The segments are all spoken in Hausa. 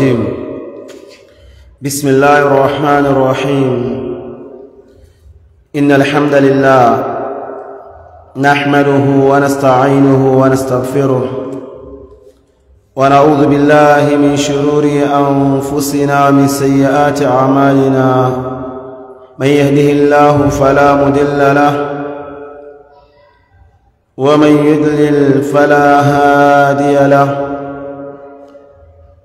الرجيم بسم الله الرحمن الرحيم إن الحمد لله نحمده ونستعينه ونستغفره ونعوذ بالله من شرور أنفسنا من سيئات أعمالنا من يهده الله فلا مدل له ومن يدلل فلا هادي له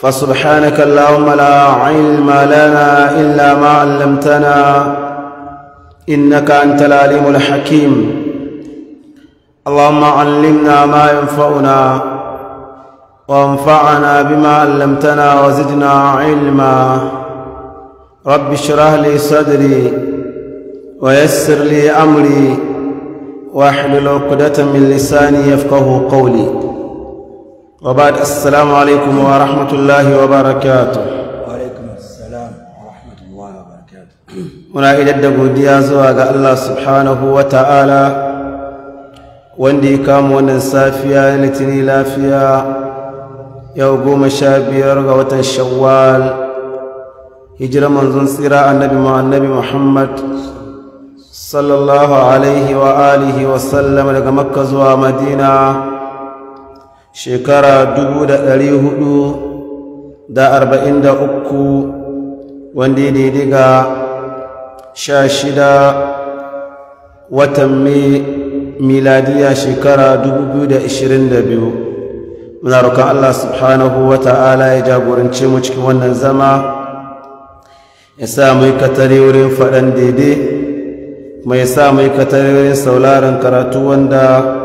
فسبحانك اللهم لا علم لنا إلا ما علمتنا إنك أنت العليم الحكيم اللهم علمنا ما ينفعنا وانفعنا بما علمتنا وزدنا علما رب اشرح لي صدري ويسر لي أمري واحلل عقدة من لساني يفقه قولي وبعد السلام عليكم ورحمة الله وبركاته وعليكم السلام ورحمة الله وبركاته muna idan da godiya zuwa ga Allah subhanahu wa ta'ala wanda ya kama wannan safiya litini lafiya yau goma sha biyar ga watan shawwal hijira manzon tsira annabi annabi muhammad sallallahu alaihi wa alihi wa sallam daga makka zuwa madina shekara dubu da ɗari hudu da arba'in da uku wanda ya daidai ga sha shida watan mai miladiya shekara dubu biyu da ishirin da biyu muna roƙon allah subhanahu wa ta'ala ya jagorance mu cikin wannan zama ya sa mai katare wurin faɗan daidai mai sa mai katare wurin sauraron karatu wanda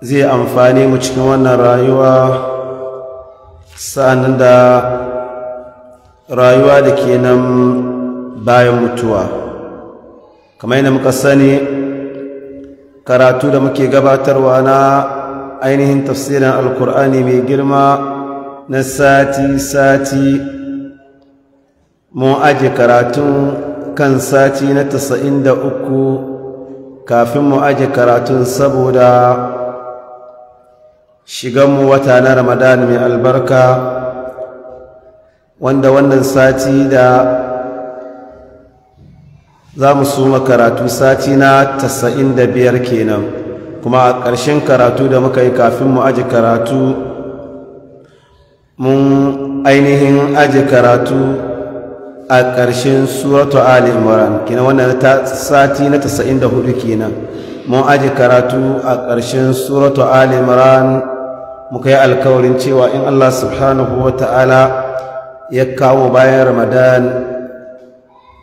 zai amfani mu cikin wannan rayuwa sa'annan da rayuwa da ke nan bayan mutuwa kamar yadda muka sani karatu da muke gabatarwa na ainihin tafsirin alkur'ani mai girma na sati-sati mun aje karatun kan sati na 93 da uku kafin mu aje karatun saboda shiganmu wata na ramadan mai albarka wanda wannan sati da za mu suma karatu sati na tasa'in da biyar kenan kuma a ƙarshen karatu da muka yi kafin mu aji karatu mun ainihin aji karatu a ƙarshen suratu ali imran kenan wannan sati na tasa'in da hudu kenan mun aji karatu a ƙarshen suratu ali imran muka yi alkawarin cewa in Allah subhanahu wa ta'ala ya kawo bayan ramadan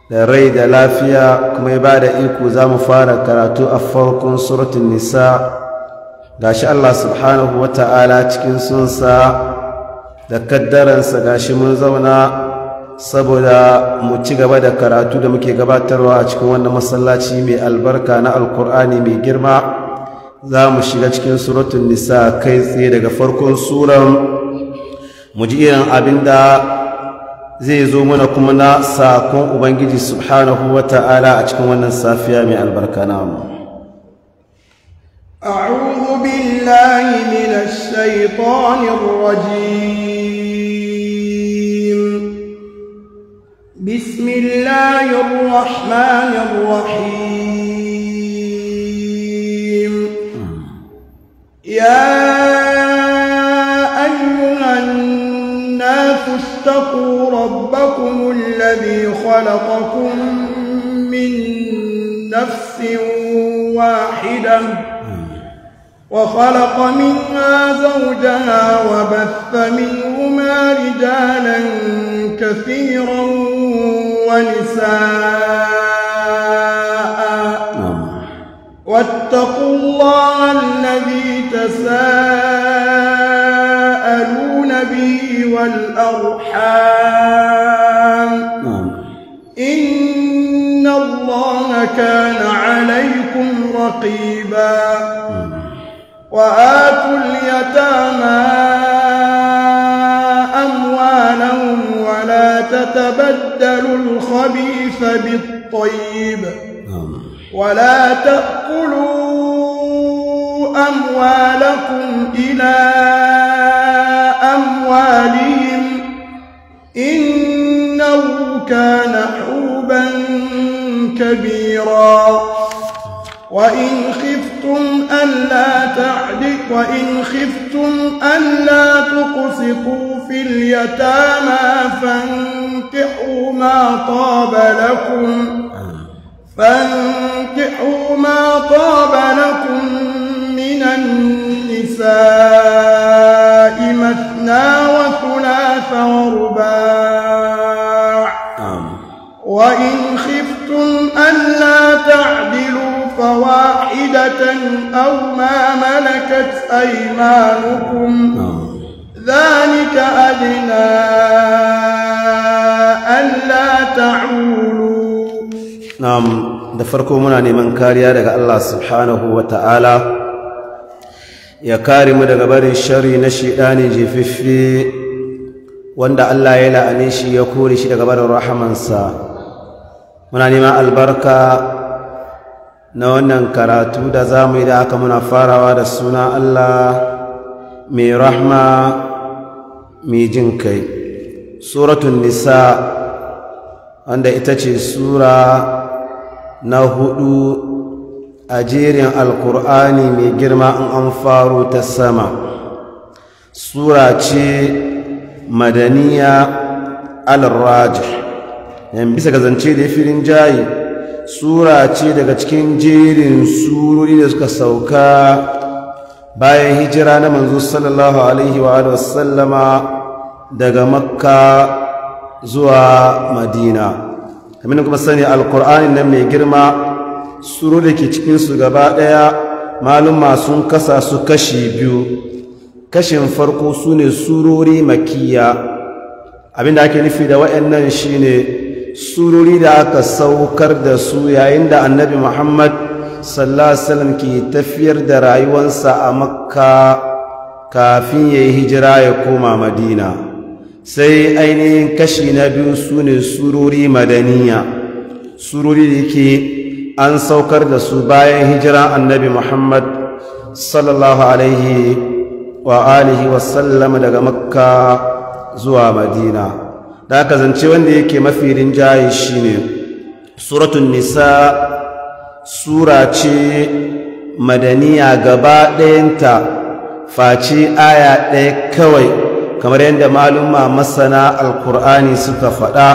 da rai da lafiya kuma ya ba da iko za mu fara karatu a farkon suratun nisa gashi Allah subhanahu wa ta'ala cikin sunsa da kaddaransa gashi mun zauna saboda mu ci gaba da karatu da muke gabatarwa a cikin wannan masallaci mai albarka na alkur'ani mai girma za mu shiga cikin suratul nisa kai tsaye daga farkon suran mu ji irin abin zai zo mana kuma na sakon ubangiji subhanahu wata'ala a cikin wannan safiya mai albarka namu أعوذ بالله من الشيطان الرجيم بسم الله الرحمن الرحيم يا أيها الناس اتقوا ربكم الذي خلقكم من نفس واحدة وخلق منها زوجها وبث منهما رجالا كثيرا ونساء واتقوا الله الذي تساءلون به والأرحام نعم. إن الله كان عليكم رقيبا وآتوا اليتامى أموالهم ولا تتبدلوا الخبيث بالطيب ولا تأكلوا أموالكم إلى أموالهم إنه كان حوبا كبيرا وإن خفتم ألا تعدل وإن خفتم ألا تقسطوا في اليتامى فانكحوا ما طاب لكم فانكحوا ما طاب لكم من النساء مثنى وثلاث ورباع وإن خفتم ألا تعدلوا فواحدة أو ما ملكت أيمانكم ذلك أدنى ألا تعولوا da farko muna neman kariya daga Allah subhanahu wa ta'ala ya kare mu daga barin shari na shiɗani jefiffe wanda Allah ya la'ane shi ya kore shi daga barin rahamansa muna neman albarka na wannan karatu da za mu yi da aka muna farawa da suna Allah mai rahma mai jin kai suratun nisa wanda ita ce sura na hudu a jerin alkur'ani mai girma in an faro ta sama sura ce madaniya al-rajih yan bisa ga zance da ya filin jayi sura ce daga cikin jerin surori da suka sauka bayan hijira na manzo sallallahu alaihi wa sallama daga makka zuwa madina kamar kuma sani alkur'ani nan mai girma suru da ke cikinsu gaba ɗaya maluma sun kasa su kashi biyu kashin farko su ne surori makiya abinda ake nufi da shi shine surori da aka saukar da su yayin da annabi muhammad sallasalam ke tafiyar da rayuwarsa a makka kafin ya yi hijira ya koma madina sai ainihin kashi na biyu su ne surori madaniya surori da ke an saukar da su bayan hijira annabi muhammad sallallahu alaihi wa alihi wasallam daga makka zuwa madina da aka zance wanda yake mafi rinjaye shine suratun nisa sura ce madaniya gaba ɗayanta face aya ɗaya kawai kamar yadda malumma masana alkur'ani suka faɗa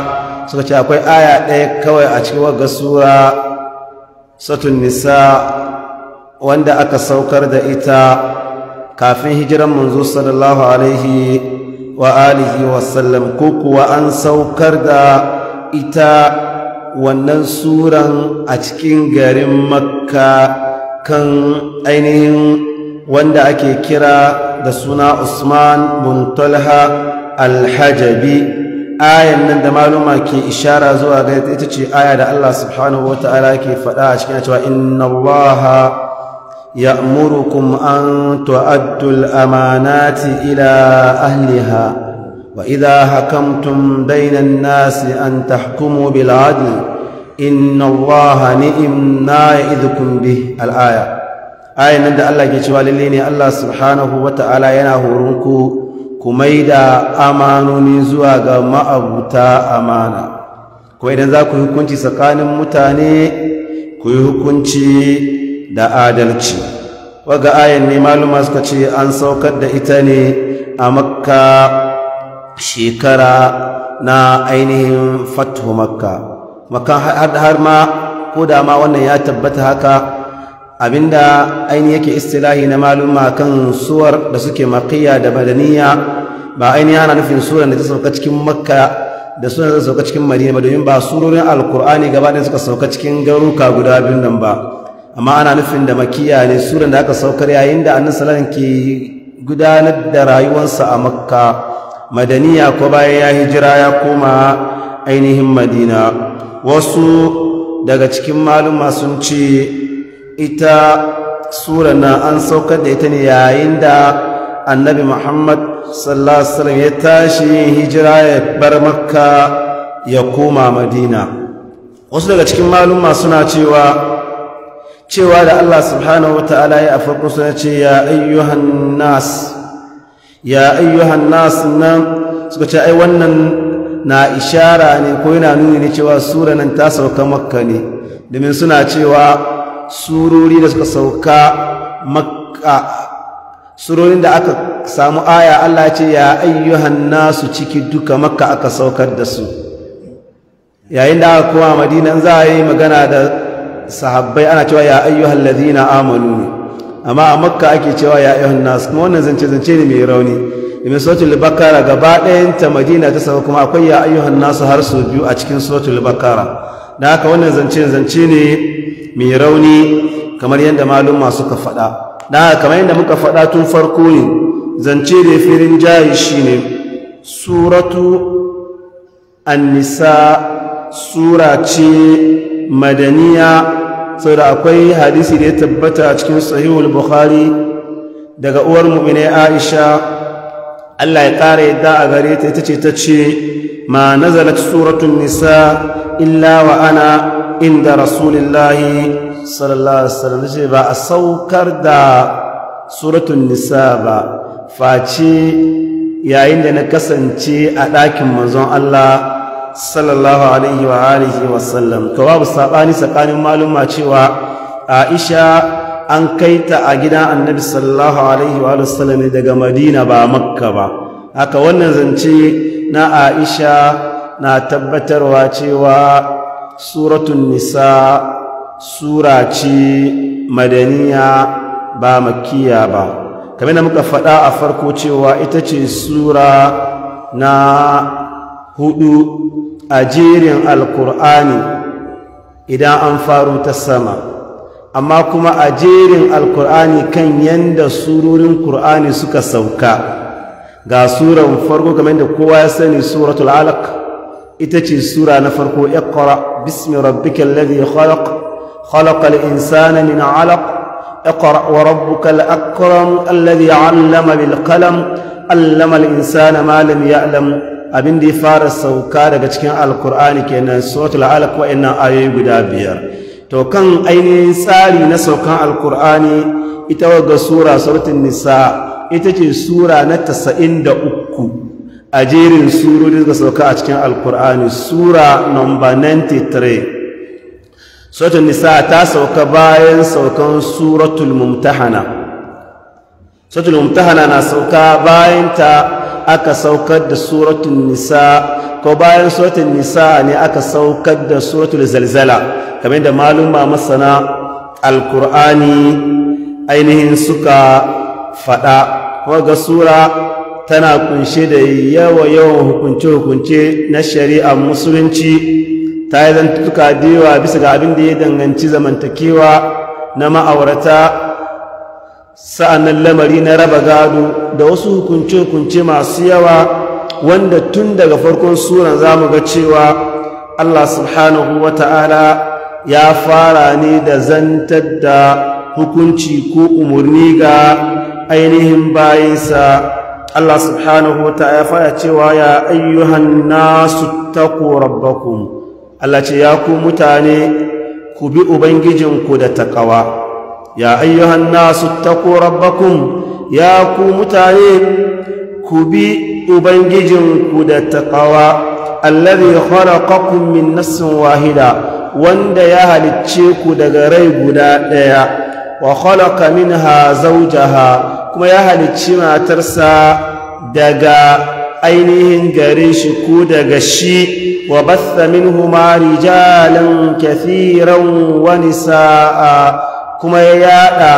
suka ce akwai aya ɗaya kawai a cikin waga sura satun nisa wanda aka saukar da ita kafin hijiran manzo sallallahu alaihi wa alihi wasallam ko kuwa an saukar da ita wannan suran a cikin garin makka kan ainihin wanda ake kira da suna Usman bin Talha al-Hajabi ayan nan da maluma ke ishara zuwa ga ita ce aya da Allah subhanahu wataala ke faɗa a cikin cewa inna Allah ya'murukum an tu'addu al-amanati ila ahliha wa idha hakamtum bayna an-nasi an tahkumu bil 'adli inna Allah ni'ma ya'idhukum bih al-aya ayin nan da Allah ke cewa lalle ne Allah subhanahu wata'ala yana horon ku ku da amanoni zuwa ga ma'abuta amana ko idan za ku yi hukunci tsakanin mutane ku yi hukunci da adalci waga ayin ne maluma suka ce an saukar da ita ne a makka shekara na ainihin fatu makka makan har ma ko da ma wannan ya tabbata haka abinda aini yake istilahi na maluma kan suwar da suke maqiya da madaniya ba aini yana nufin suwar da ta sauka cikin makka da suwar da ta sauka cikin madina ba domin ba surorin alkur'ani gaba ɗaya suka sauka cikin garuka guda biyun nan ba amma ana nufin da makiya ne surar da aka saukar yayin da annabi sallallahu ke gudanar da rayuwarsa a makka madaniya ko bayan ya hijira ya koma ainihin madina wasu daga cikin maluma sun ce ita sura na an saukar da ita ne yayin da annabi muhammad sallallahu ya tashi hijira ya bar makka ya koma madina wasu daga cikin maluma suna cewa cewa da Allah subhanahu wa ta'ala ya farko suna ce ya ayyuhan nas ya ayyuhan nas nan suka ce ai wannan na ishara ne ko yana nuni ne cewa sura nan ta sauka makka ne domin suna cewa surori da suka sauka makka surorin da aka samu aya Allah ya ce ya ayyuhan nasu ciki duka makka aka saukar da su yayin da aka koma madina za a yi magana da sahabbai ana cewa ya ayyuhal ladina amanu ne amma a makka ake cewa ya ayyuhan nasu kuma wannan zance zance ne mai rauni domin sautin libakara gaba ɗayan ta madina ta sauka kuma akwai ya ayyuhan nasu har su biyu a cikin sautin libakara da haka wannan zance zance ne mai rauni kamar yadda malumma suka faɗa da kamar yadda muka faɗa tun farko ne zance da firin jayi shine suratu an-nisa sura ce madaniya saboda akwai hadisi da ya tabbata a cikin sahihul bukhari daga uwar mu'mine aisha Allah ya ƙara yadda a gare ta ita ce ta ce ma nazalat suratun nisa illa wa ana inda rasulillahi sallallahu alaihi wasallam ce ba a saukar da suratun nisa ba face yayin da na kasance a ɗakin manzon Allah sallallahu alaihi wa alihi wasallam to babu sabani tsakanin maluma cewa Aisha an kaita a gidan Annabi sallallahu alaihi wa sallam daga Madina ba Makka ba haka wannan zance na Aisha na tabbatarwa cewa suratun nisa sura ce madaniya ba makiya ba kamar da muka faɗa a farko cewa ita ce sura na hudu a jerin alkur'ani idan an faru ta sama amma kuma a jerin alkur'ani kan yanda sururin kur'ani suka sauka ga suran farko kamar da kowa ya sani suratul alaka ita ce sura na farko iqra bismi rabbikal ladhi khalaq khalaqal insana min 'alaq iqra wa rabbukal akram alladhi 'allama bil qalam 'allama al insana ma lam ya'lam abin da ya fara sauka daga cikin alkur'ani kenan suratul alaq wa'annan ayoyi guda biyar to kan ainihin tsari na saukan alkur'ani ita ga sura suratul nisa ita ce sura na 93 a jerin surori da sauka a cikin alkur'ani sura nomba 93 sautin nisa ta sauka bayan saukan suratul mumtahana sautin mumtahana na sauka bayan ta aka saukar da suratul nisa ko bayan sautin nisa ne aka saukar da suratul zalzala kamar da maluma masana alkur'ani ainihin suka faɗa waga sura tana kunshe da yawa yawan hukunce-hukunce na shari'a musulunci ta yi zantuka da bisa ga abin da ya danganci zamantakewa na ma'aurata sa'annan lamari na raba gado da wasu hukunce-hukunce masu yawa wanda tun daga farkon suran za mu ga cewa allah subhanahu wa ta'ala ya fara ne da zantar da hukunci ko umarni ga ainihin bayansa Allah subhanahu wa ta'ala fara cewa ya ayyuhan nasu taqu rabbakum Allah ce ya ku mutane ku bi ubangijinku da takawa ya ayyuhan nasu taqu rabbakum ya ku mutane ku bi ubangijinku da takawa alladhi khalaqakum min nafsin wahida wanda ya halicce ku daga rai guda daya wa khalaqa minha zawjaha kuma ya halicci matarsa daga ainihin gare shi ko daga shi wa batha minhuma rijalan kathiran wani sa'a. kuma ya yada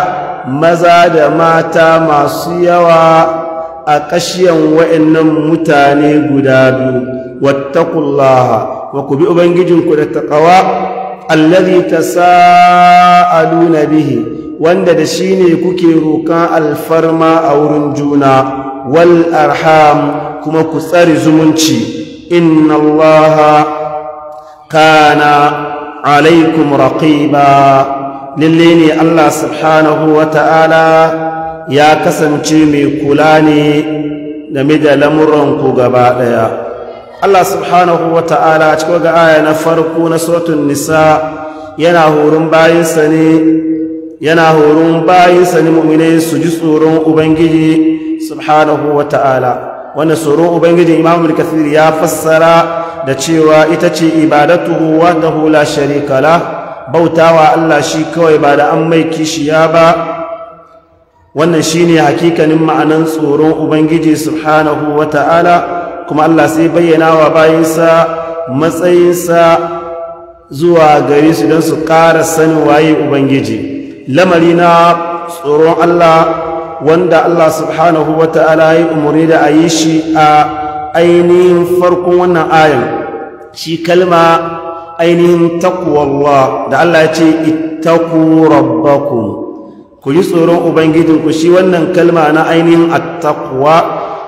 maza da mata masu yawa a ƙashiyan wa'annan mutane guda biyu wattaqullaha wa ku bi ubangijinku da ta allazi tasaaluna bihi wanda da shi ne kuke roƙon alfarma a wurin juna wal arham kuma ku tsari zumunci inna allaha kana alaikum raqiba lalle ne allah subhanahu wa ta'ala ya kasance mai kula ne game da lamuranku gaba ɗaya allah subhanahu wa ta'ala cikin ga aya na farko na suratul nisa yana horon bayansa ne yana horon bayinsa ne mummune su ji tsoron ubangiji subhanahu wa ta'ala wannan tsoron ubangiji imam al ya fassara da cewa ita ce ibadatu wanda hula sharika bautawa Allah shi kawai ba da an mai kishiya ba wannan shine hakikanin ma'anan tsoron ubangiji subhanahu wa ta'ala kuma Allah sai bayyana wa bayinsa matsayinsa zuwa gari su don su ƙara sanin waye ubangiji lamari na tsoron Allah wanda Allah subhanahu wa ta'ala ya umarni da a yi shi a ainihin farkon wannan ayan shi kalma ainihin takwallah da Allah ya ce ittaku rabbakum ku yi tsoron ubangijinku shi wannan kalma na ainihin attakwa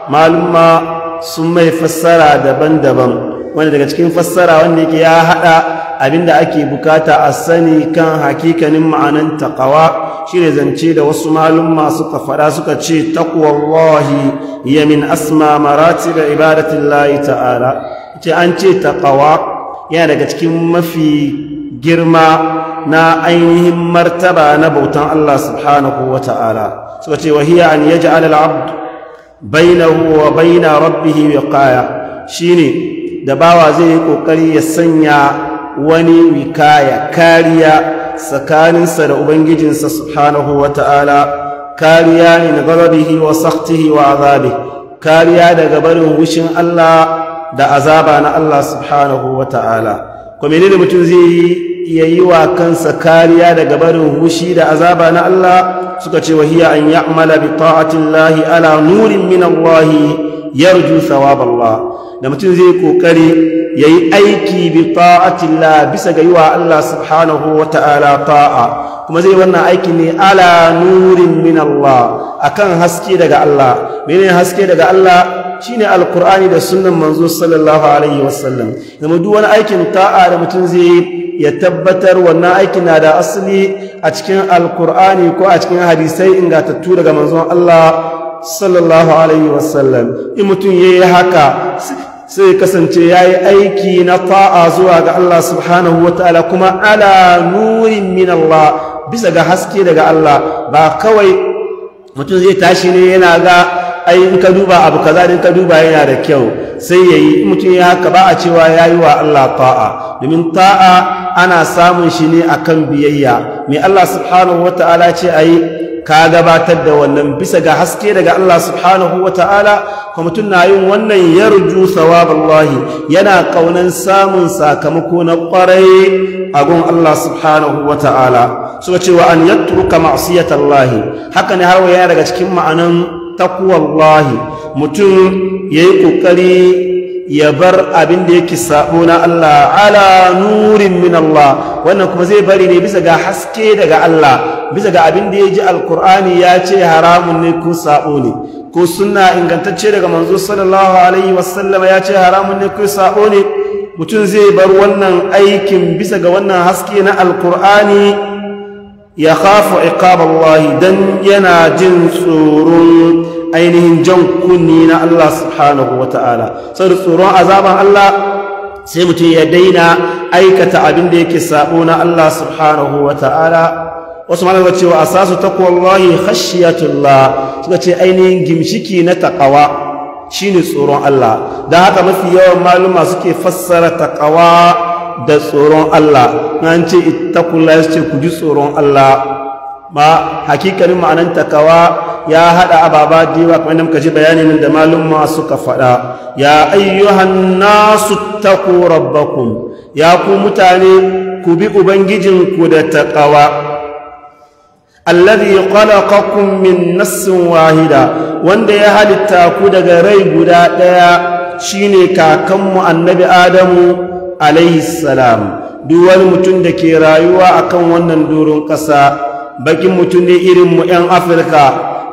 malumma sun mai fassara daban-daban wanda daga cikin fassara wanda yake ya hada abinda ake bukata a sani kan hakikanin ma'anan taqwa shine zance da wasu malumma suka faɗa suka ce taqwallahi ya min asma maratib ibadatillahi ta'ala ce an ce taqwa yana daga cikin mafi girma na ainihin martaba na bautan Allah subhanahu wa ta'ala suka ce wahiya an yaj'al al bainahu wa baina rabbih wiqaya shine da bawa zai yi kokari ya sanya wani wikaya kariya tsakaninsa da ubangijinsa subhanahu wata'ala kariya ne na garabihi wa saktihi wa azabi kariya daga barin wushin Allah da azaba na Allah subhanahu wata'ala kuma ne mutum zai yi ya yi wa kansa kariya daga barin wushi da azaba na Allah suka ce wa hiya an ya'mala bi ta'atillahi ala nurin min Allah yarju thawab da mutum zai kokari yi aiki bi ta'atilla bisa ga yiwa Allah subhanahu wa ta'ala ta'a kuma zai wannan aiki ne ala nurin min Allah akan haske daga Allah menene haske daga Allah shine alkur'ani da sunan manzo sallallahu alaihi wasallam da duk wani aikin ta'a da mutum zai ya tabbatar wannan aiki na da asali a cikin alkur'ani ko a cikin hadisai ingantattu daga manzon Allah sallallahu alaihi wasallam in mutum yayi haka sai kasance ya yi aiki na ta'a zuwa ga Allah subhanahu wa ta'ala kuma ala nurin min Allah bisa ga haske daga Allah ba kawai mutum zai tashi ne yana ga ai in ka duba abu kaza in ka duba yana da kyau sai yayi mutum ya haka ba a cewa yayi wa Allah ta'a domin ta'a ana samun shi ne akan biyayya mai Allah subhanahu wa ta'ala ce ayi ka gabatar da wannan bisa ga haske daga Allah subhanahu ta'ala kuma mutum na yin wannan yarju sawaballahi yana kaunan samun sakamako na kwarai a gun Allah subhanahu ta'ala suka ce wa an yatruka ma'siyatallahi haka ne har waya daga cikin ma'anan taqwallahi mutum yayi kokari ya bar abin da yake sabo na Allah ala nurin min Allah wannan kuma zai bari ne bisa ga haske daga Allah bisa ga abin da ya ji alkur'ani ya ce haramun ne ko saɓo ne ko suna ingantacce daga manzo sallallahu alaihi wasallam ya ce haramun ne ko saɓo ne mutum zai bar wannan aikin bisa ga wannan haske na alkur'ani ya khafu iqaballahi dan yana jin tsoron ainihin jan kunni na Allah subhanahu wataala saboda tsoron azaban Allah sai mutum ya daina aikata abin da yake sabo na Allah subhanahu wataala wasu malamai cewa asasu taqwallahi khashiyatullah suka ce ainihin gimshiki na Shi shine tsoron Allah dan haka mafi yawan maluma suke fassara Takawa da tsoron Allah an ce ittaqullahi ya ce ku ji tsoron Allah ma hakikanin ma'anan takawa ya hada ababa diwa kamar da muka ji bayani bayanin da maluma suka fada ya ayyuhan nasu taqu rabbakum ya ku mutane ku bi ubangijinku da takawa alladhi qalaqakum min nafsin wahida wanda ya halitta ku daga rai guda ɗaya shine kakanmu annabi adamu alayhi salam duk wani mutum da ke rayuwa akan wannan durin ƙasa bakin mutum ne irin mu 'yan afirka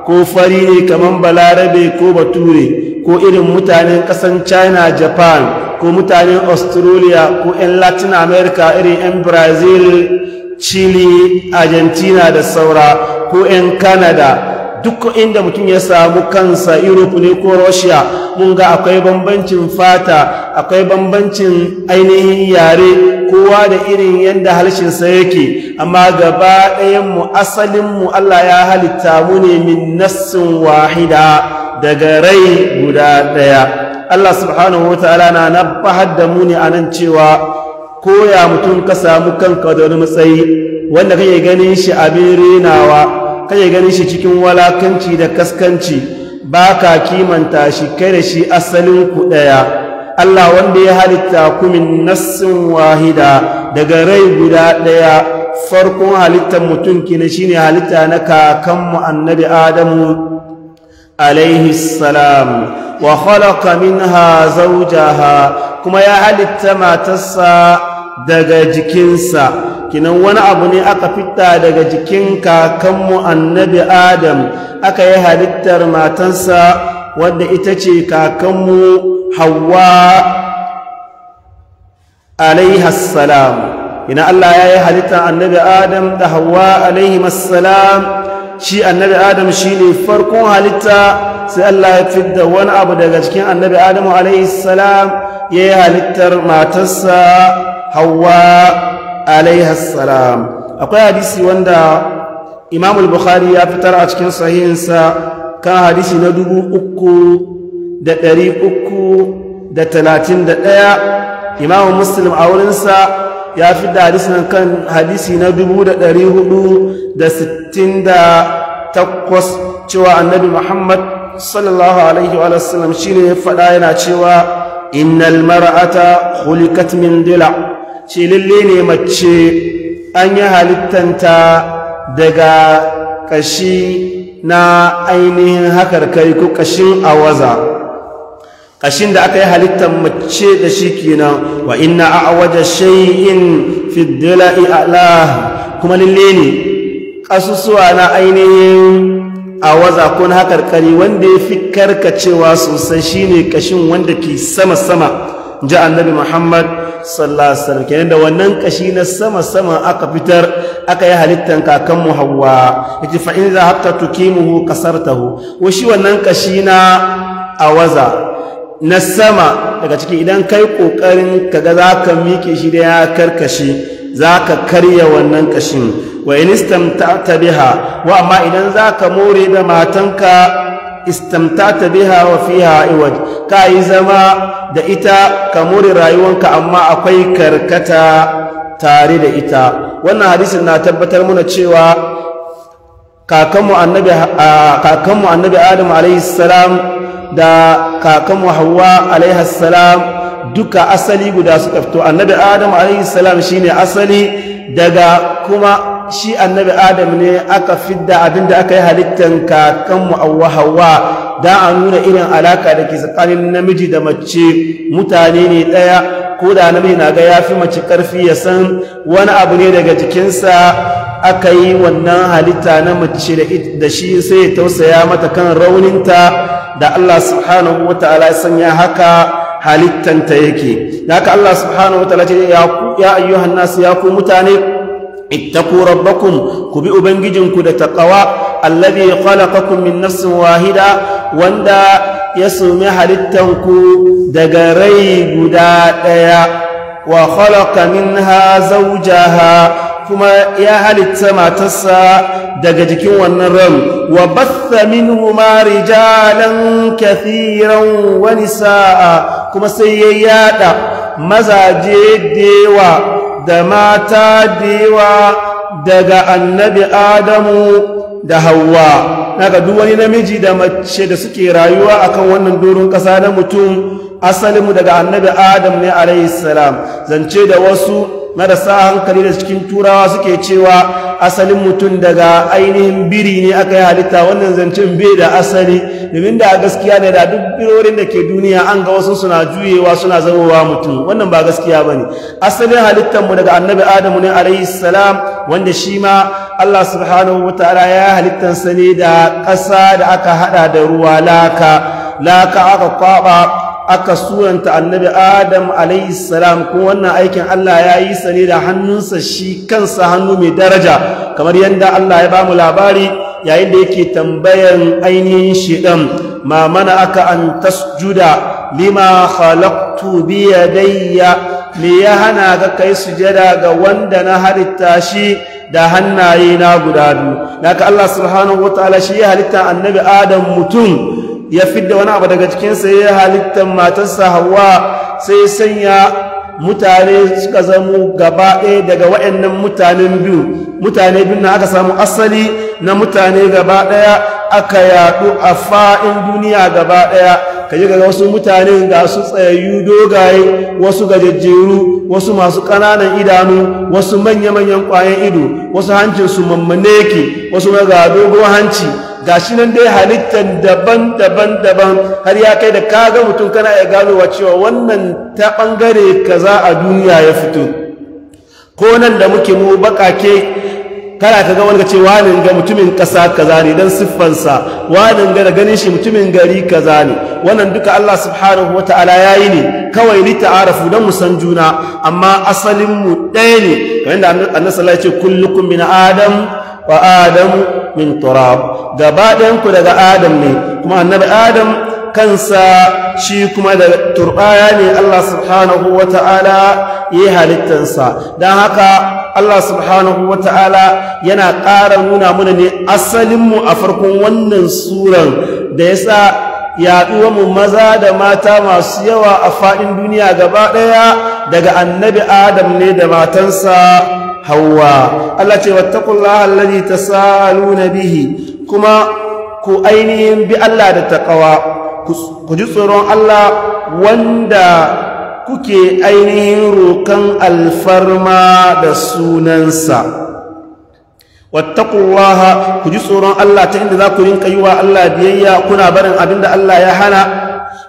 ko fari ne kamar balarabe ko bature ko irin mutanen ƙasan china japan ko mutanen australia ko 'yan latin america irin 'yan brazil chile argentina da saura ko 'yan canada duk inda mutum ya samu kansa europe ne ko russia mun ga akwai bambancin fata akwai bambancin ainihin yare kowa da irin yadda halshinsa yake amma gaba ɗayanmu asalinmu allah ya halitta mu ne min nassin wahida daga rai guda ɗaya allah subhanahu wa ta'ala na nabbahar da mu ne a nan cewa koya mutum ka samu kanka da wani matsayi wanda kai ganin shi abin renawa kai ganin shi cikin walakanci da kaskanci ba ka kimanta shi kai da shi asalin ku ɗaya Allah wanda ya halitta ku min nassin wahida daga rai guda ɗaya farkon halittar mutum kina shine halitta na kakanmu annabi Adamu alaihi salam wa khalaqa minha zawjaha kuma ya halitta matarsa daga jikinsa kinan wani abu ne aka fita daga jikin kakanmu annabi adam aka yi halittar matansa wanda ita ce kakanmu hawa alaihassalam ina Allah ya yi halittar annabi adam da hawa alaihassalam shi annabi adam shi ne farkon halitta sai Allah ya fidda wani abu daga cikin annabi adam alaihassalam ya yi halittar matansa. hawa alaiha salam akwai hadisi wanda imam al-bukhari ya fitar a cikin sahihinsa kan hadisi na dubu uku da ɗari uku da talatin da ɗaya imam muslim a wurinsa ya fi da hadisi kan hadisi na dubu da ɗari hudu da sittin da takwas cewa annabi muhammad sallallahu alaihi wa sallam shine ya faɗa yana cewa innal mara'ata khuliqat min dila' ce lalle ne mace an yi halittanta daga ƙashi na ainihin kai ko ƙashin awaza ƙashin da aka yi halittar mace da shi kenan wa ina a waje shay'in fiddala'i ala kuma lalle ne ƙasusuwa na ainihin awaza ko na kari wanda ya fi karkacewa sosai shine ƙashin wanda ke sama-sama ji annabi muhammad sallallahu alaihi kenan da wannan kashi na sama sama aka fitar aka yi halittar kakan mu hawa yace fa in za hatta tukimuhu kasartahu wa wannan kashi na awaza na sama daga ciki idan kai kokarin kaga zaka mike shi da ya karkashi zaka karya wannan kashin wa in ta biha wa amma idan zaka more da matanka istamtata biha wa fiha iwaj ka yi zama da ita ka more rayuwanka amma akwai karkata tare da ita wannan hadisin na tabbatar mana cewa kakanmu annabi kakanmu annabi adam salam da kakanmu Hauwa alayhi salam duka asali guda suka fito annabi adam alayhi salam shine asali daga kuma shi annabi adam ne aka fidda abinda aka yi halittan kakanmu a hawa da a nuna irin alaka da ke tsakanin namiji da mace mutane ne ɗaya ko da namiji na ga ya fi mace karfi ya san wani abu ne daga jikinsa aka yi wannan halitta na mace da shi sai ya tausaya mata kan rauninta da allah subhanahu wa ta'ala ya sanya haka halittanta yake da haka allah subhanahu wa ta'ala ce ya ayyuhan nasu ya ku mutane ittaku rabbakum ku bi ubangijinku da taqawa alladhi khalaqakum min nafsin wahida wanda ya sumi halittanku daga rai guda ɗaya wa khalaqa minha zawjaha kuma ya halitta matarsa daga jikin wannan ran wa batha minhuma rijalan kathiran wa nisaa kuma sai ya yada mazaje dewa da mata dewa daga annabi adamu da hawa naga duk wani namiji da mace da suke rayuwa akan wannan dorin ƙasa na mutum asalinmu daga annabi adam ne alaihissalam zance da wasu marasa hankali da cikin turawa suke cewa asalin mutum daga ainihin biri ne aka yi halitta wannan zancen bai da asali domin da gaskiya ne da duk birorin da ke duniya an ga wasu suna juyewa suna zamowa mutum wannan ba gaskiya ba ne asalin halittarmu daga annabi adamu ne alayhi salam wanda shi ma allah subhanahu wa ta'ala ya halittansa ne da ƙasa da aka haɗa da ruwa laka laka aka kwaɓa aka suranta annabi adam alaihi salam kuma wannan aikin Allah ya yi sa ne da hannunsa shi kansa hannu mai daraja kamar yadda Allah ya bamu labari yayin da yake tambayan ainihin shedan ma mana aka an tasjuda lima khalaqtu bi yadayya me ya hana ka kai sujada ga wanda na halitta shi da hannaye na guda biyu naka Allah subhanahu wataala shi ya halitta annabi adam mutum ya fidda wani abu daga cikinsa ya halittar matarsa hawa sai sanya mutane suka zamo gaba ɗaya daga waɗannan mutanen biyu mutane biyu na aka samu asali na mutane gaba ɗaya aka yaɗu a fa'in duniya gaba ɗaya ka ji gaga wasu mutane ga su tsayayyu dogaye wasu gajejjeru wasu masu ƙananan idanu wasu manya-manyan ƙwayen ido wasu hancinsu mammane yake wasu ga dogon hanci gashi nan dai halittan daban-daban daban har ya kai da kaga mutum kana ya wa cewa wannan ta bangare kaza a duniya ya fito ko nan da muke mu bakake kana ka ga wani ce wani ga mutumin ƙasa kaza ne don siffansa wani ga ganin shi mutumin gari kaza ne wannan duka Allah subhanahu wa ta'ala ya yi ne kawai ni ta'arafu don mu san juna amma asalin mu ɗaya ne kamar yadda annabi sallallahu ya ce kullukum min adam wa adamu min turab gaba ɗayan ku daga adam ne kuma annabi adam kansa shi kuma da turbaya ne Allah subhanahu wata'ala yi halittansa don haka Allah subhanahu ta'ala yana ƙara nuna mana ne asalinmu a farkon wannan suran da ya sa yaɗuwanmu maza da mata masu yawa a faɗin duniya gaba ɗaya daga annabi adam ne da matansa hawa Allah ce wattaqullaha allazi tasaluna bihi kuma ku ainihin bi Allah da taqwa ku ji tsoron Allah wanda kuke ainihin rokan alfarma da sunansa wattaqullaha ku ji tsoron Allah ta inda za ku rinka yi wa Allah biyayya kuna barin abinda Allah ya hana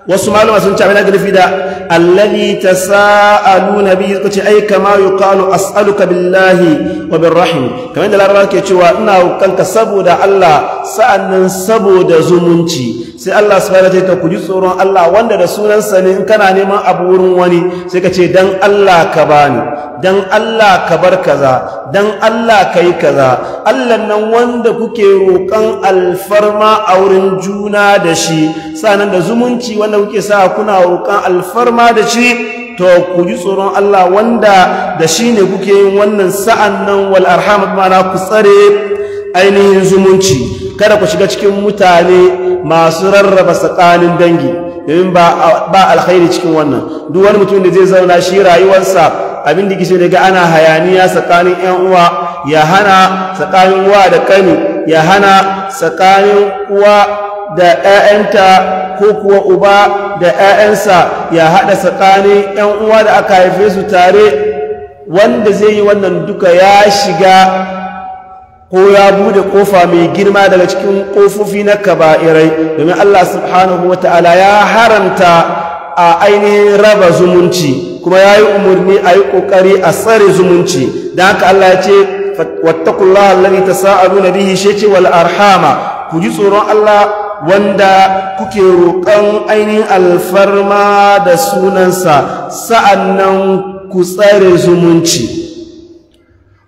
wasu malama sun ci abin da nufi ta sa'a nuna biyu kace ai kama a as'aluka billahi wa rahim. kamar da larabawa ke cewa ina kanka saboda Allah sa'annan saboda zumunci sai Allah su wa ta ku ji tsoron Allah wanda da sunansa ne in kana neman abu wurin wani sai ka ce dan Allah ka bani dan Allah ka bar kaza dan Allah ka yi kaza Allah nan wanda kuke roƙan alfarma a wurin juna da shi sanan da zumunci wanda kuke sa kuna roƙan alfarma da shi to ku ji tsoron Allah wanda da shi ne kuke yin wannan sa'an nan wal arham na ku tsare ainihin zumunci kada ku shiga cikin mutane masu rarraba tsakanin dangi domin ba alkhairi cikin wannan duk wani mutum da zai zauna shi rayuwarsa abin da kishe daga ana hayaniya tsakanin yan uwa ya hana tsakanin uwa da kani ya hana tsakanin uwa da 'ya'yanta ko kuwa uba da 'ya'yansa ya haɗa tsakanin 'yan uwa da aka haife su tare wanda zai yi wannan duka ya shiga ko ya bude kofa mai girma daga cikin kofofi na kaba'irai domin Allah subhanahu wa ta'ala ya haramta a ainihin raba zumunci kuma ya yi umarni a yi ƙoƙari a tsare zumunci da haka Allah ya ce wattakullah allari ta sa'adu na bihi ce wal arhama ku ji tsoron Allah wanda kuke roƙon ainihin alfarma da sunansa sa'annan ku tsare zumunci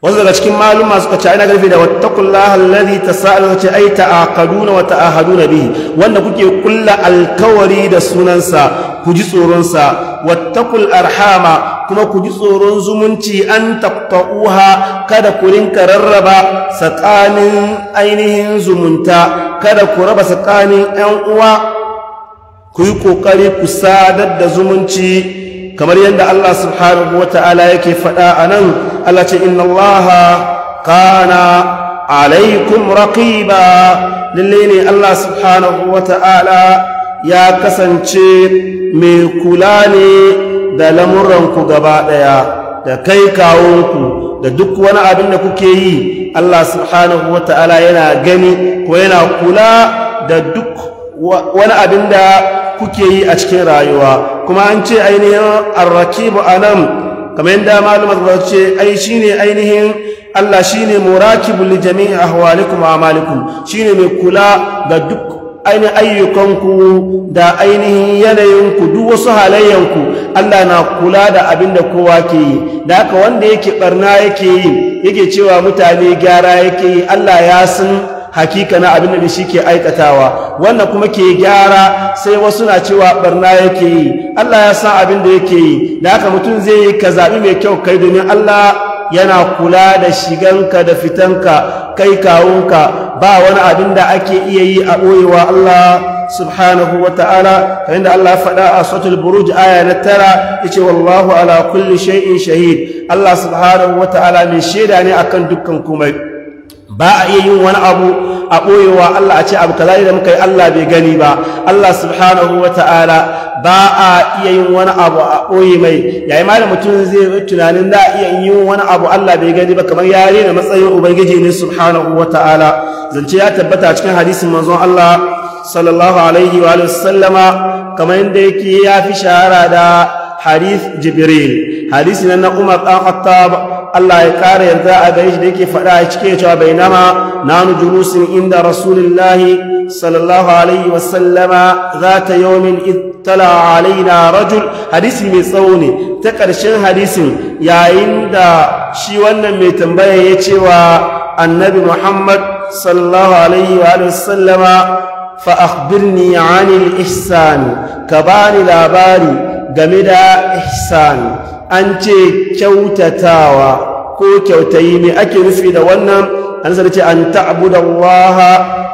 wasu daga cikin maluma suka ce aina garfi da wattaqullaha allazi aita a Kaduna ta'aqaduna wa ta'ahaduna bihi wanda kuke kulla alkawari da sunansa ku ji tsoronsa wattakul arhama kuma ku ji tsoron zumunci an taqta'uha kada ku rinka rarraba tsakanin ainihin zumunta kada ku raba tsakanin 'yan uwa ku yi kokari ku sadar da zumunci kamar yadda Allah subhanahu wataala yake faɗa anan Allah ce inna Allah kana alaikum raqiba lalle ne Allah subhanahu wata'ala ya kasance mai kula ne da lamuranku gaba daya da kai kawunku da duk wani abin da kuke yi Allah subhanahu ta'ala yana gani ko yana kula da duk wani abin da kuke yi a cikin rayuwa kuma an ce ainihin a anan kamar yadda malumar ba ce ai shine ainihin Allah shine murakibul li jami'i ahwalikum wa amalikum ne mai kula ga duk ainihin ayyukanku da ainihin yanayinku duk wasu halayyanku Allah na kula da abin da kowa ke yi da haka wanda yake barna yake yi yake cewa mutane gyara yake yi Allah ya san na abin da shi ke aikatawa wannan kuma ke gyara sai wasu na cewa barna yake yi Allah ya san abin da yake yi da haka mutum zai yi ka zaɓi mai kyau kai domin Allah yana kula da shiganka da fitanka kai kawunka ba wani abin da ake iya yi a ɓoyewa Allah سبحانه faɗa a الله فلا أصوت na tara, نترى إيش والله على كل شيء شهيد shahid." Allah وتعالى من shaida ne akan dukkan كومي ba a iya yin wani abu a ɓoyewa Allah a ce abu kaza da muka yi Allah bai gani ba Allah subhanahu wa ta'ala ba a iya yin wani abu a ɓoye mai yayi ma da mutum zai yi tunanin da iya yin wani abu Allah bai gani ba kamar ya rena matsayin ubangiji ne subhanahu wa ta'ala zance ya tabbata cikin hadisin manzon Allah sallallahu alaihi wa sallama kamar yadda yake ya fi shahara da hadis jibril hadisi na umar ɗan khattab Allah ya ƙara yarda a gare shi da yake faɗa a cikin cewa bai nama nanu julusin inda rasulillahi sallallahu alaihi wasallama za ta yawmin ittala alaina rajul hadisi mai tsawo ne ta ƙarshen hadisin yayin da shi wannan mai tambaya ya cewa annabi muhammad sallallahu alaihi wa fa akhbirni anil ihsani ka bani labari game da ihsani an ce kyautatawa ko kyautayi me ake nufi da wannan an sa ce an ta'budu Allah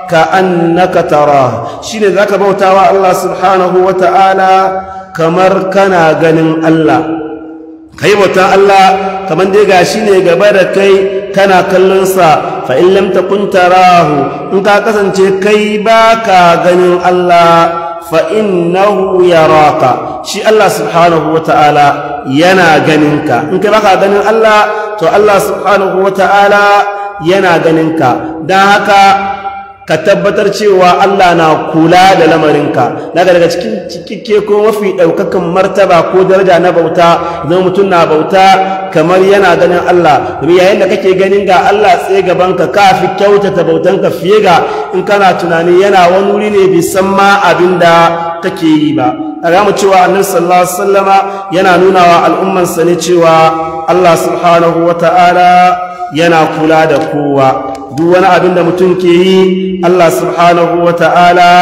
ka annaka tara shine zaka bautawa Allah subhanahu ta'ala? kamar kana ganin Allah kai bauta Allah kamar dai gashi ne gaba da kai kana kallon sa fa in tarahu in ka kasance kai baka ganin Allah fa ya raka shi Allah subhanahu wata'ala yana ganinka in ka baka ganin Allah to Allah subhanahu wata'ala yana ganinka dan haka ka tabbatar cewa Allah na kula da lamarinka daga daga cikin cikike ko mafi ɗaukakan martaba ko daraja na bauta zai mutum na bauta kamar yana ganin Allah domin yayin da kake ganin ga Allah tsaye gabanka ka fi kyautata bautanka fiye ga in kana tunani yana wani wuri ne bai san ma abin da kake yi ba a mu cewa annabi sallallahu alaihi wasallama yana nuna wa al'ummansa ne cewa Allah subhanahu wata'ala yana kula da kowa duk wani abin da mutum ke yi Allah subhanahu wa ta'ala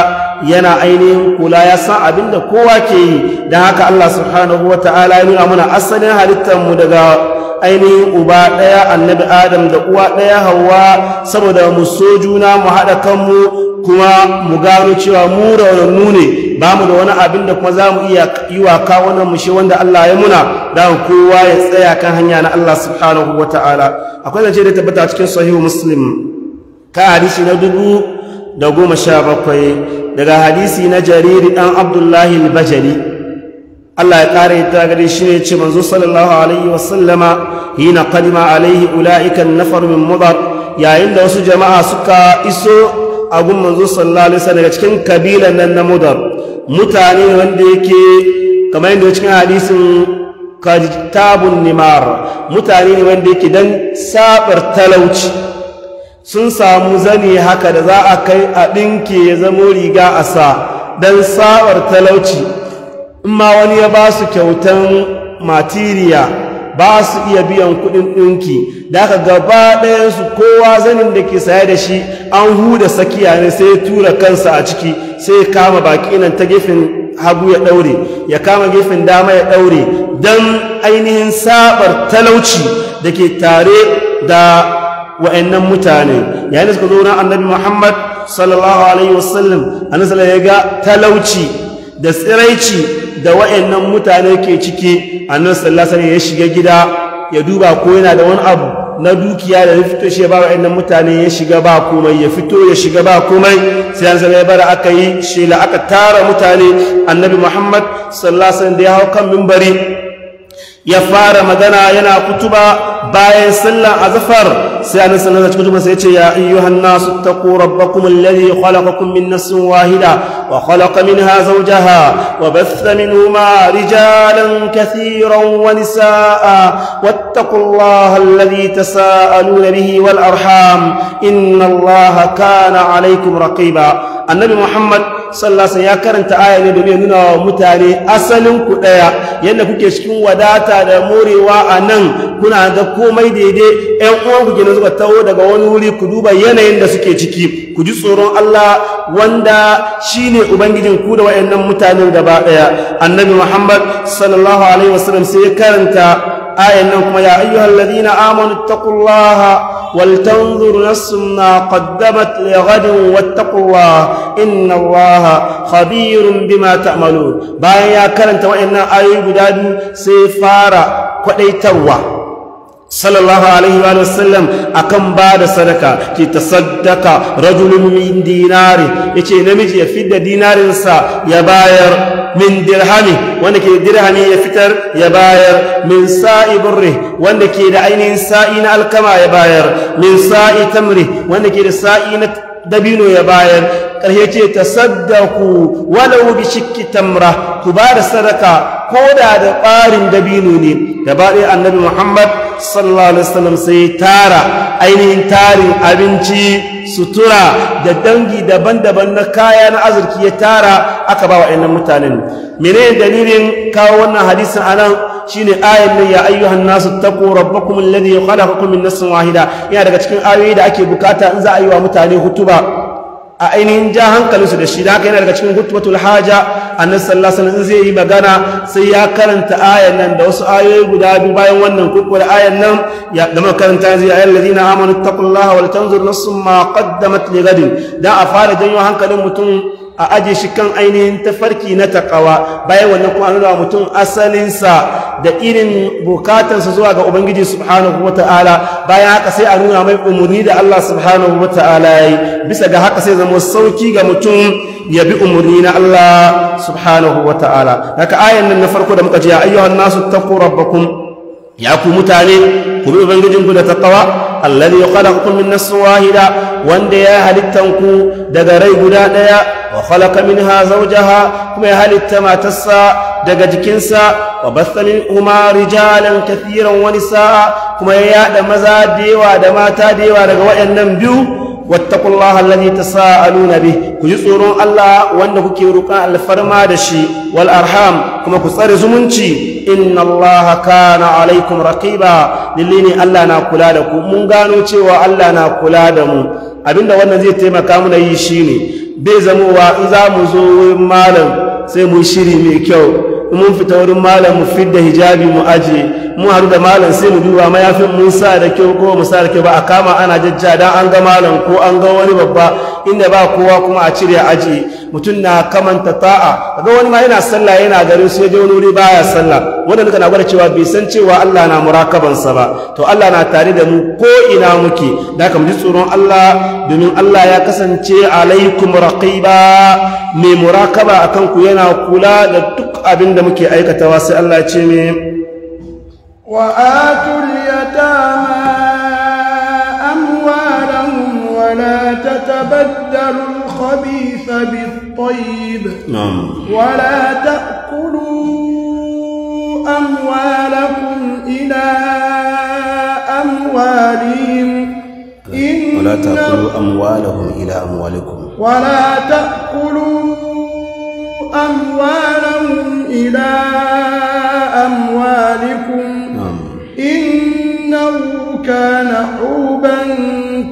yana ainihin kula ya san abin da kowa ke yi don haka Allah subhanahu wa ta'ala ya nuna mana asalin halittarmu daga ainihin uba ɗaya annabi adam da uwa ɗaya hawa saboda mu so juna mu haɗa kanmu kuma mu gano cewa mu raunannu ne ba mu da wani abin da kuma za mu iya yi wa kawunan mu shi wanda Allah ya muna da kowa ya tsaya kan hanya na Allah subhanahu wa ta'ala akwai zance da tabbata cikin sahihu muslim ka hadisi na dubu da goma sha bakwai daga hadisi na jariri ɗan abdullahi al-bajali Allah ya kare ta gari shi ne ce manzo sallallahu alaihi wasallama hina qadima alaihi ulaika nafar min mudar yayin da wasu jama'a suka iso a gun manzo sallallahu alaihi wasallam daga cikin kabilan nan na mudar mutane wanda yake kamar yadda cikin hadisin kajtabun nimar mutane ne wanda yake dan sabar talauci sun samu zani haka da za a kai a ɗinke ya zamo riga a sa dan sabar talauci in ma wani ya ba su kyautan matiriya ba su iya biyan kudin dinki da aka gaba ɗayansu kowa zanin da ke saye da shi an huda tsakiya ne sai tura kansa a ciki sai kama baki nan ta gefen hagu ya ɗaure ya kama gefen dama ya ɗaure don ainihin sabar talauci da ke tare da wa'annan mutane yayin da suka zo na annabi Muhammad sallallahu alaihi wasallam annabi ya ga talauci da tsiraici da wa'annan mutane ke ciki A sallallahu alaihi ya shiga gida ya duba ko yana da wani abu na dukiya da na fito shi ba wa'annan mutane ya shiga ba komai ya fito ya shiga ba komai sai an zama ya bara aka yi la aka tara mutane annabi muhammad sallallahu da ya hau kan mimbari ya fara magana yana kutuba bayan sallan azfar sai annabi sallallahu alaihi wasallam sai ce ya ayyuhan nasu taqu rabbakum alladhi khalaqakum min nafsin wahida wa khalaqa minha zawjaha wa batha minhuma rijalan kathiran wa nisaa wattaqullaha alladhi tasaaluna bihi wal arham inna kana alaykum raqiba annabi muhammad sallasa ya karanta aya ne domin nuna wa mutane asalin ku daya yadda kuke cikin wadata da morewa a nan kuna da komai daidai ƴan uwanku gina suka taho daga wani wuri ku duba yanayin da suke ciki ku ji tsoron Allah wanda shine ubangijin ku da wayannan mutane gaba daya annabi muhammad sallallahu sai ya karanta ayan nan kuma ya ayyuhal ladina amanu taqullaha na tanzur nafsun ma qaddamat li ghadin wattaqullaha inna allaha khabirun bima ta'malun bayan ya karanta wayannan ayoyi guda biyu sai fara kwadaitarwa sallallahu alaihi wa sallam akan ba da sadaka ki tasaddaqa rajulun min dinari yace namiji ya fidda dinarinsa ya bayar min dirhami wanda ke dirhami ya fitar ya bayar min sa'i burri wanda ke da ainihin sa'i na alkama ya bayar min sa'i tamri wanda ke da sa'i na dabino ya bayar ƙarshe ce ta saddaku walau bi shikki tamra ku ba da sadaka ko da da ɓarin dabino ne gaba ɗaya annabi muhammad sallallahu alaihi wasallam sai tara ainihin tarin abinci sutura da dangi daban-daban na kaya na azurki ya tara aka ba wa mutanen menene dalilin kawo wannan hadisin anan shine ayan nan ya ayyuhan nasu taqu rabbakum alladhi khalaqakum min nafsin wahida yana daga cikin ayoyi da ake bukata in za a yi wa mutane hutuba a ainihin ja hankalinsu da shi da haka yana daga cikin hutubatul haja annabi sallallahu alaihi wasallam zai yi magana sai ya karanta ayan nan da wasu ayoyi guda biyu bayan wannan kurkur ayan nan ya da karanta zai ayan ladina amanu taqullaha wal tanzur nassum ma qaddamat li gadin da a fara janyo hankalin mutum a aje shi kan ainihin tafarki na takawa bayan wannan kuma nuna mutum asalinsa da irin bukatansa zuwa ga ubangiji subhanahu wata'ala bayan haka sai a nuna mai umarni da Allah subhanahu wata'ala yayi bisa ga haka sai zama sauki ga mutum ya bi umarni na Allah subhanahu wata'ala daga ayan nan na farko da muka ji ya ayyuhan nasu taqu rabbakum ya ku mutane ku bi ku da taqwa alladhi khalaqakum min nafsin wahida wanda ya halittan ku daga rai guda daya wa khalaqa minha zawjaha kuma ya halitta matarsa daga jikinsa wa batha minhuma rijalan kathiran wa nisaa kuma ya yada maza da yawa da mata da yawa daga wayannan biyu واتقوا tsoron allah wanda kuke كجسورون alfarma da shi wal arham kuma ku tsare zumunci. inna allaha kana alaikum raqiba lalle ne Allah na kula da ku mun gano cewa Allah na kula da mu abinda wannan zai taimaka mu na yi shine bai wa in za mu zo wurin malam sai mu shiri mai kyau mun fita wurin malam mu fidda hijabi mu aje mun hadu da malam sai mu duba mayafin musa da kyau ko musa sa da kyau ba a kama ana jajja don an ga malam ko an ga wani babba inda ba kowa kuma a cire aji mutum na kamanta ta'a ga wani ma yana sallah yana garin su yaje wani wuri baya sallah wanda nuka na gwada cewa bai san cewa Allah na murakabansa ba to Allah na tare da mu ko ina muke da haka mu tsoron Allah domin Allah ya kasance alaikum raqiba mai murakaba akan ku yana kula da duk abin da muke aikatawa sai Allah ce mai وآتوا اليتامى أموالهم ولا تتبدلوا الخبيث بالطيب نعم ولا تأكلوا أموالكم إلى أموالهم ولا تأكلوا أموالهم إلى أموالكم ولا تأكلوا أموالهم إلى أموالكم إنه كان حوبا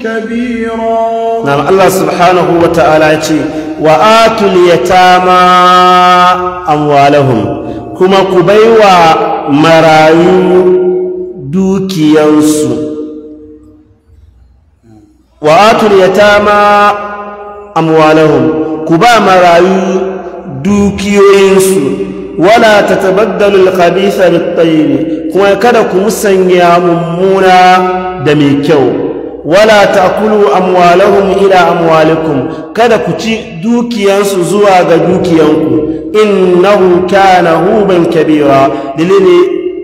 كبيرا نعم الله سبحانه وتعالى وآتوا اليتامى أموالهم كما كبيوا مرايو دوكيانسو وآتوا اليتامى أموالهم كبا مرايو دوكيانسو wala ta tabaddalu alkhabitha bit kuma kada ku musanya mummuna da mai kyau wala akulu amwalahum ila amwalikum kada ku ci dukiyansu zuwa ga dukiyanku innahu kana huban kabira dalili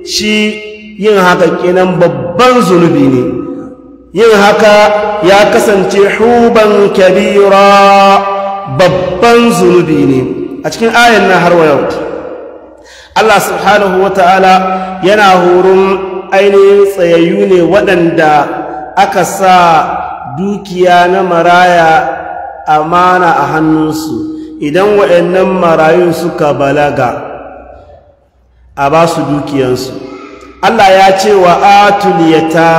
shi yin haka kenan babban zunubi ne yin haka ya kasance huban kabira babban zunubi ne a cikin ayan na har wa Allah subhanahu wa ta'ala yana horon ainihin tsayayyu ne waɗanda aka sa dukiya na maraya amana a hannunsu idan waɗannan marayun suka balaga a ba su dukiyansu Allah ya ce wa atul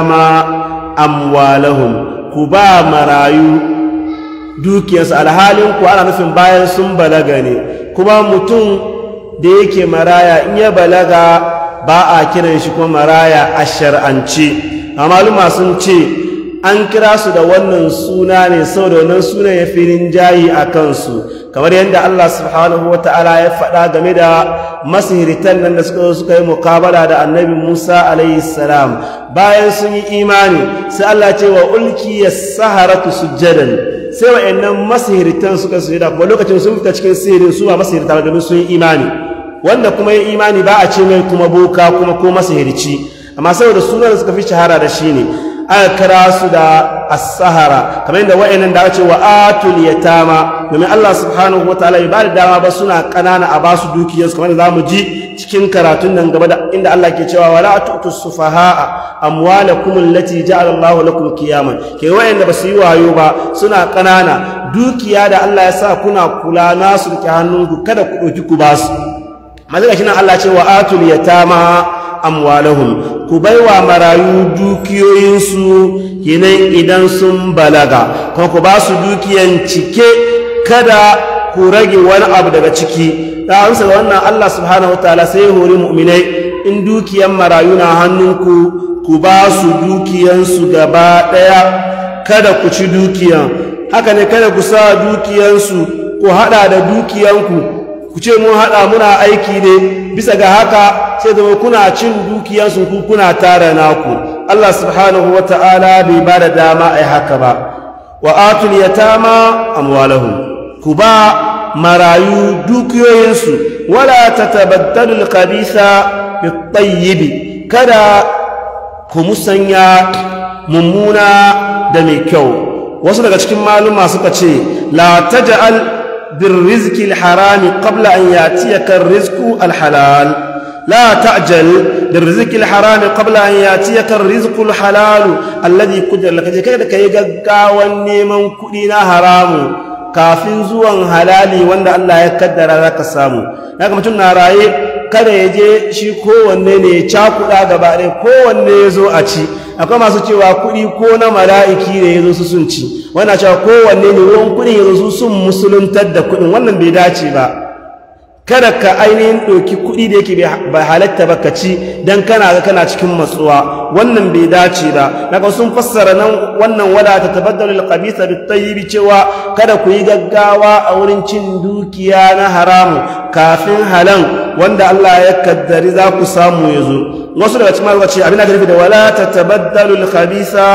ma amwalahum ku ba marayu dukiyansu. alhalin ku ana nufin bayan sun balaga ne kuma mutum da yake maraya in ya balaga ba a kiran shi kuma maraya a shar'ance a maluma sun ce an kira su da wannan suna ne saboda wannan sunan ya filin jayi a kansu kamar yadda Allah subhanahu wa ta'ala ya faɗa game da masihiritan nan da suka suka yi mukabala da annabi Musa alaihi salam bayan sun yi imani sai Allah ce wa ulki as sujadan sai wa'annan masihiritan suka sujada kuma lokacin sun fita cikin sihirin su ba masihirta ba domin sun yi imani wanda kuma ya imani ba a ce mai kuma boka kuma ko masahirci amma saboda sunan da suka fi shahara da shi ne aka kira su da as-sahara kamar yadda wa'annan da ake wa atul yatama domin Allah subhanahu wataala ba bada dama ba suna kanana a basu dukiyarsu kamar da zamu ji cikin karatun nan gaba da inda Allah ke cewa wala tu'tu sufaha'a amwalakum allati ja'ala Allahu lakum qiyaman ke ba basu yi wayo ba suna kanana dukiya da Allah ya sa kuna kula nasu ke hannunku kada ku ɗauki ku basu masu shi nan Allah ce wa atul yatama amwalahum ku baiwa marayu dukiyoyinsu yinan idan sun balaga kuma ku ba su dukiyan cike kada ku rage wani abu daga ciki ta amsa ga wannan Allah subhanahu wataala sai hori mu'minai in dukiyan marayu na hannunku ku ba su dukiyansu gaba daya kada ku ci dukiyan haka ne kada ku sa dukiyansu ku haɗa da dukiyanku ku ce mun haɗa muna aiki ne bisa ga haka sai zama kuna cin dukiyarsu ku kuna tara naku Allah subhanahu wa ta'ala bai ba da dama a haka ba wa atul yatama amwalahum ku ba marayu dukiyoyinsu wala tatabaddalu al bit-tayyib kada ku musanya mummuna da mai kyau wasu daga cikin maluma suka ce la taj'al بالرزق الحرام قبل أن يأتيك الرزق الحلال لا تعجل بالرزق الحرام قبل أن يأتيك الرزق الحلال الذي قدر لك كذا كيغا ونيمن كدينا حرام kafin zuwan halali wanda Allah ya kaddara zaka samu haka mutum na raye kada ya je shi kowanne ne ya cakuɗa gaba ɗaya kowanne ya zo a ci akwai masu cewa kuɗi ko na mala'iki ne ya zo su sun ci wannan cewa kowanne ne ruwan kuɗin ya zo su sun musuluntar da kuɗin wannan bai dace ba kada ka ainihin ɗauki kuɗi da yake bai halatta ba ka ci don kana ga kana cikin matsuwa wannan bai dace ba daga sun fassara nan wannan wada ta tabaddalul qabisa ta yi cewa kada ku yi gaggawa a wurin cin dukiya na haramu kafin halan wanda Allah ya kaddari za ku samu ya zo wasu daga cikin malaka ce abin da nufi da wala tatabaddalu al-khabisa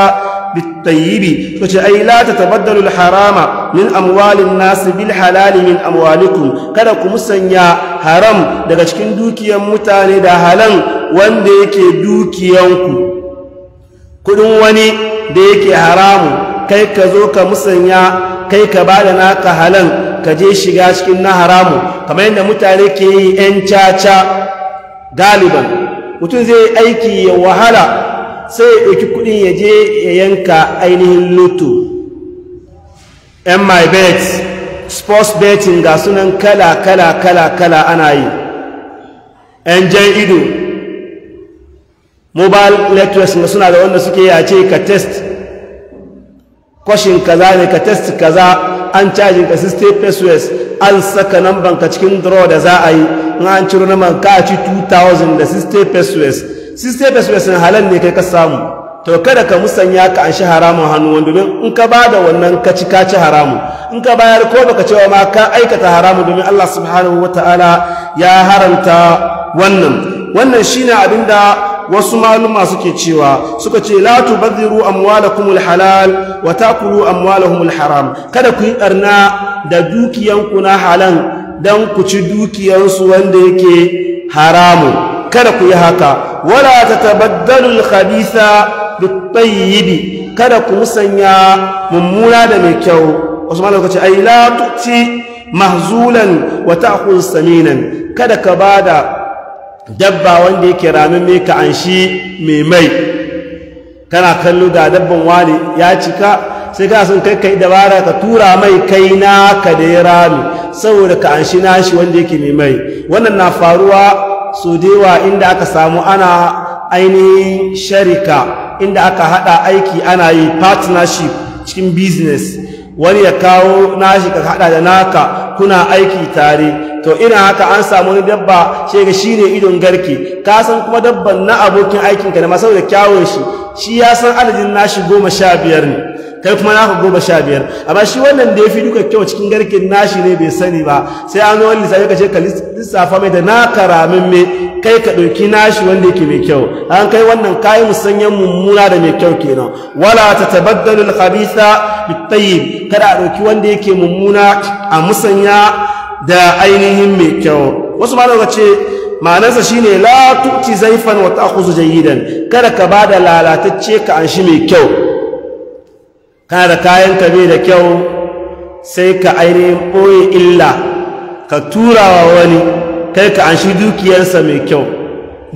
bit-tayyibi ce ai la al-harama min amwalin nas bil halal min amwalikum kada ku musanya haram daga cikin dukiyan mutane da halan wanda yake dukiyanku kudin wani da yake haramu kai ka zo ka musanya kai ka bada naka halan ka je shiga cikin na haramu kamar yadda mutane ke yi 'yan caca galiban mutum zai aiki ya wahala sai ya ɗauki kuɗin ya je ya yanka ainihin lutu 'yan my bet sports betting ga sunan kala kala kala kala ana yi 'yan jan ido mobile lectures suna da wanda suke yace ka test kwashin kaza ne ka test kaza an cajin ka siste pesos an saka namban ka cikin draw da za a yi in an ciro naman ka ci 2000 da siste pesos siste pesos na halal ne kai ka samu to kada ka musanya ka an shi haramun hannu wanda domin in ka ba da wannan ka ci ka ci haramun in ka bayar ko baka cewa ma ka aikata haramun domin Allah subhanahu wataala ya haramta wannan wannan shine abinda wasu maluma suke cewa suka ce la tubadhiru amwalakumul halal wa takulu amwalahumul haram kada ku yi da dukiyanku na halal dan ku ci dukiyansu wanda yake haramu kada ku yi haka wala tatabaddalu al-khabitha bit kada ku musanya mummuna da mai kyau wasu maluma suka ce ai la tu'ti mahzulan wa ta'khudh saminan kada ka bada dabba wanda yake ramin mai ka an shi mai mai kana kallo ga dabban wani ya cika sai ka sun kai kai dabara ka tura mai kai na ka da ya rami saboda ka an shi nashi wanda yake mai mai wannan na faruwa so dewa inda aka samu ana ainihin sharika inda aka hada aiki ana yi partnership cikin business wani ya kawo nashi ka hada da naka kuna aiki tare to ina haka an samu wani dabba shi ga shi ne idon garke ka san kuma dabban na abokin aikinka da masau saboda kyawun shi shi ya san adadin nashi goma sha biyar ne kai kuma naka goma sha biyar amma shi wannan da ya fi duka kyau cikin garkin nashi ne bai sani ba sai an wani lissafi ka ce ka lissafa mai da na karamin me kai ka ɗauki nashi wanda yake mai kyau an kai wannan kayi musanyen mummuna da mai kyau kenan wala ta tabaddalu al-khabitha bit kada a ɗauki wanda yake mummuna a musanya da ainihin mai kyau wasu ma daga ce ma'anarsa shine la tu'ti zaifan wa ta'khuzu jayidan kada ka ba da lalatacce ka anshi mai kyau kana da kayan ka mai da kyau sai ka ainihin ɓoye illa ka tura wa wani kai ka anshi dukiyarsa mai kyau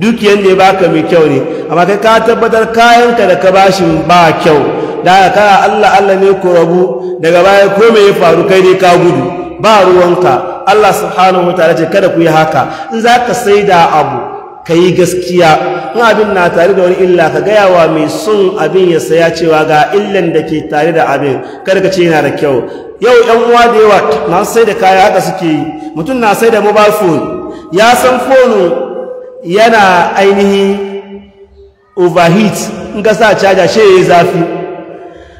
dukiyar ne ba ka mai kyau ne amma kai ka tabbatar kayan ka da ka bashin ba kyau da ka Allah Allah ne ku rabu daga baya ko me ya faru kai ne ka gudu ba ruwanka Allah subhanahu wataala ce kada ku yi haka in za ka sai da abu ka yi gaskiya in abin na tare da wani illa ka gaya wa mai sun abin ya saya cewa ga illan da ke tare da abin kada ka ce yana da kyau yau yan uwa da yawa na sai da kaya haka suke yi mutum na sai da mobile phone ya san phone yana ainihin overheat in ka sa caja shi ya yi zafi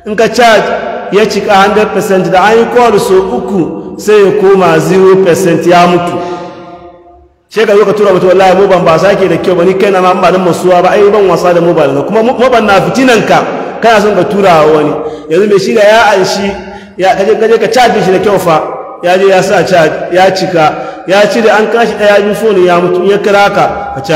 in ka charge ya cika 100% da an yi kowar so uku sai ya koma 0% ya mutu sai ka zo ka tura mutu wallahi moban ba sake da kyau ba ni kai na ma ba masuwa ba ai ban wasa da mobile kuma moban na fitinan ka kana son ka tura wa wani yanzu mai shiga ya anshi ya kaje kaje ka charge shi da kyau fa ya je ya sa charge ya cika ya ci da an kashi daya so ne ya mutu ya kira ka ka ce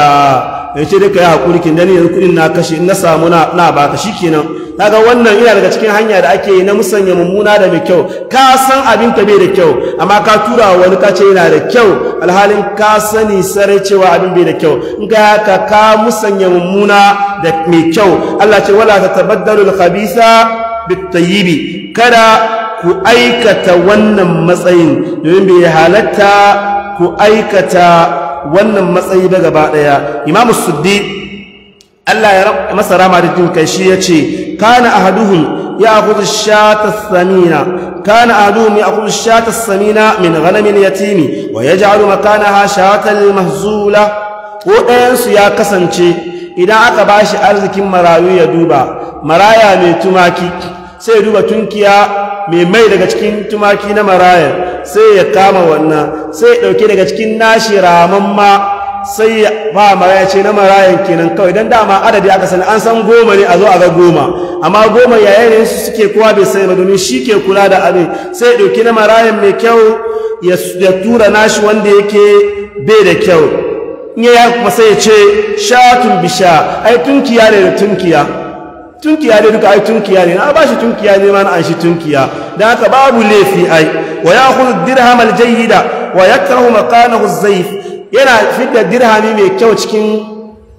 ya ce dai ka yi hakuri da dani yanzu kudin na kashe na samu na na baka shikenan ga wannan ina daga cikin hanya da ake yi na musanya mummuna da mai kyau ka san abin ka bai da kyau amma ka tura wani ka ce yana da kyau alhalin ka sani sarai cewa abin bai da kyau in ka haka ka musanya mummuna da mai kyau Allah ce wala ta tabaddalu al-khabisa bit-tayyibi kada ku aikata wannan matsayin domin bai halatta ku aikata wannan matsayi ba gaba daya imamu suddi Allah ya masa rama da jin kai shi yace كان أهدهم يأخذ الشاة الثمينة كان أهدهم يأخذ الشاة الثمينة من غنم اليتيم ويجعل مكانها شاة المهزولة وأنس يا كسنشي إذا أكباش أرزك مراوي يدوبا مرايا من تماكي سيدوبا تنكيا mai mai daga cikin tumaki na maraya sai ya kama wannan sai ya ɗauke daga cikin nashi ramamma sai ba maraya ce na marayan kenan kawai don dama adadi aka sani an san goma ne a zo a ga goma amma goma yayin ne su suke kowa bai sai ba domin shi ke kula da abin sai ɗauki na marayan mai kyau ya tura nashi wanda yake bai da kyau in ya kuma sai ya ce tumbi sha ai tunkiya ne da tunkiya tunkiya ne duka ai tunkiya ne na ba shi tunkiya ne ma na an shi tunkiya don haka babu laifi ai wa ya kudu dirhamal jayyida wa yakrahu makanahu zaif yana fidda dirhami mai kyau cikin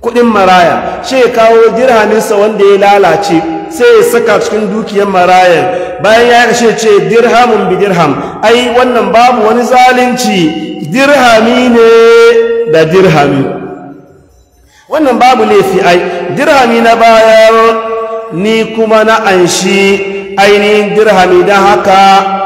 kudin maraya shi ya kawo dirhaminsa wanda ya lalace sai ya saka cikin dukiyar maraya bayan ya yi ce dirhamun bi dirham ai wannan babu wani zalunci dirhami ne da dirhami wannan babu laifi ai dirhami na bayar ni kuma na anshi ainihin dirhami don haka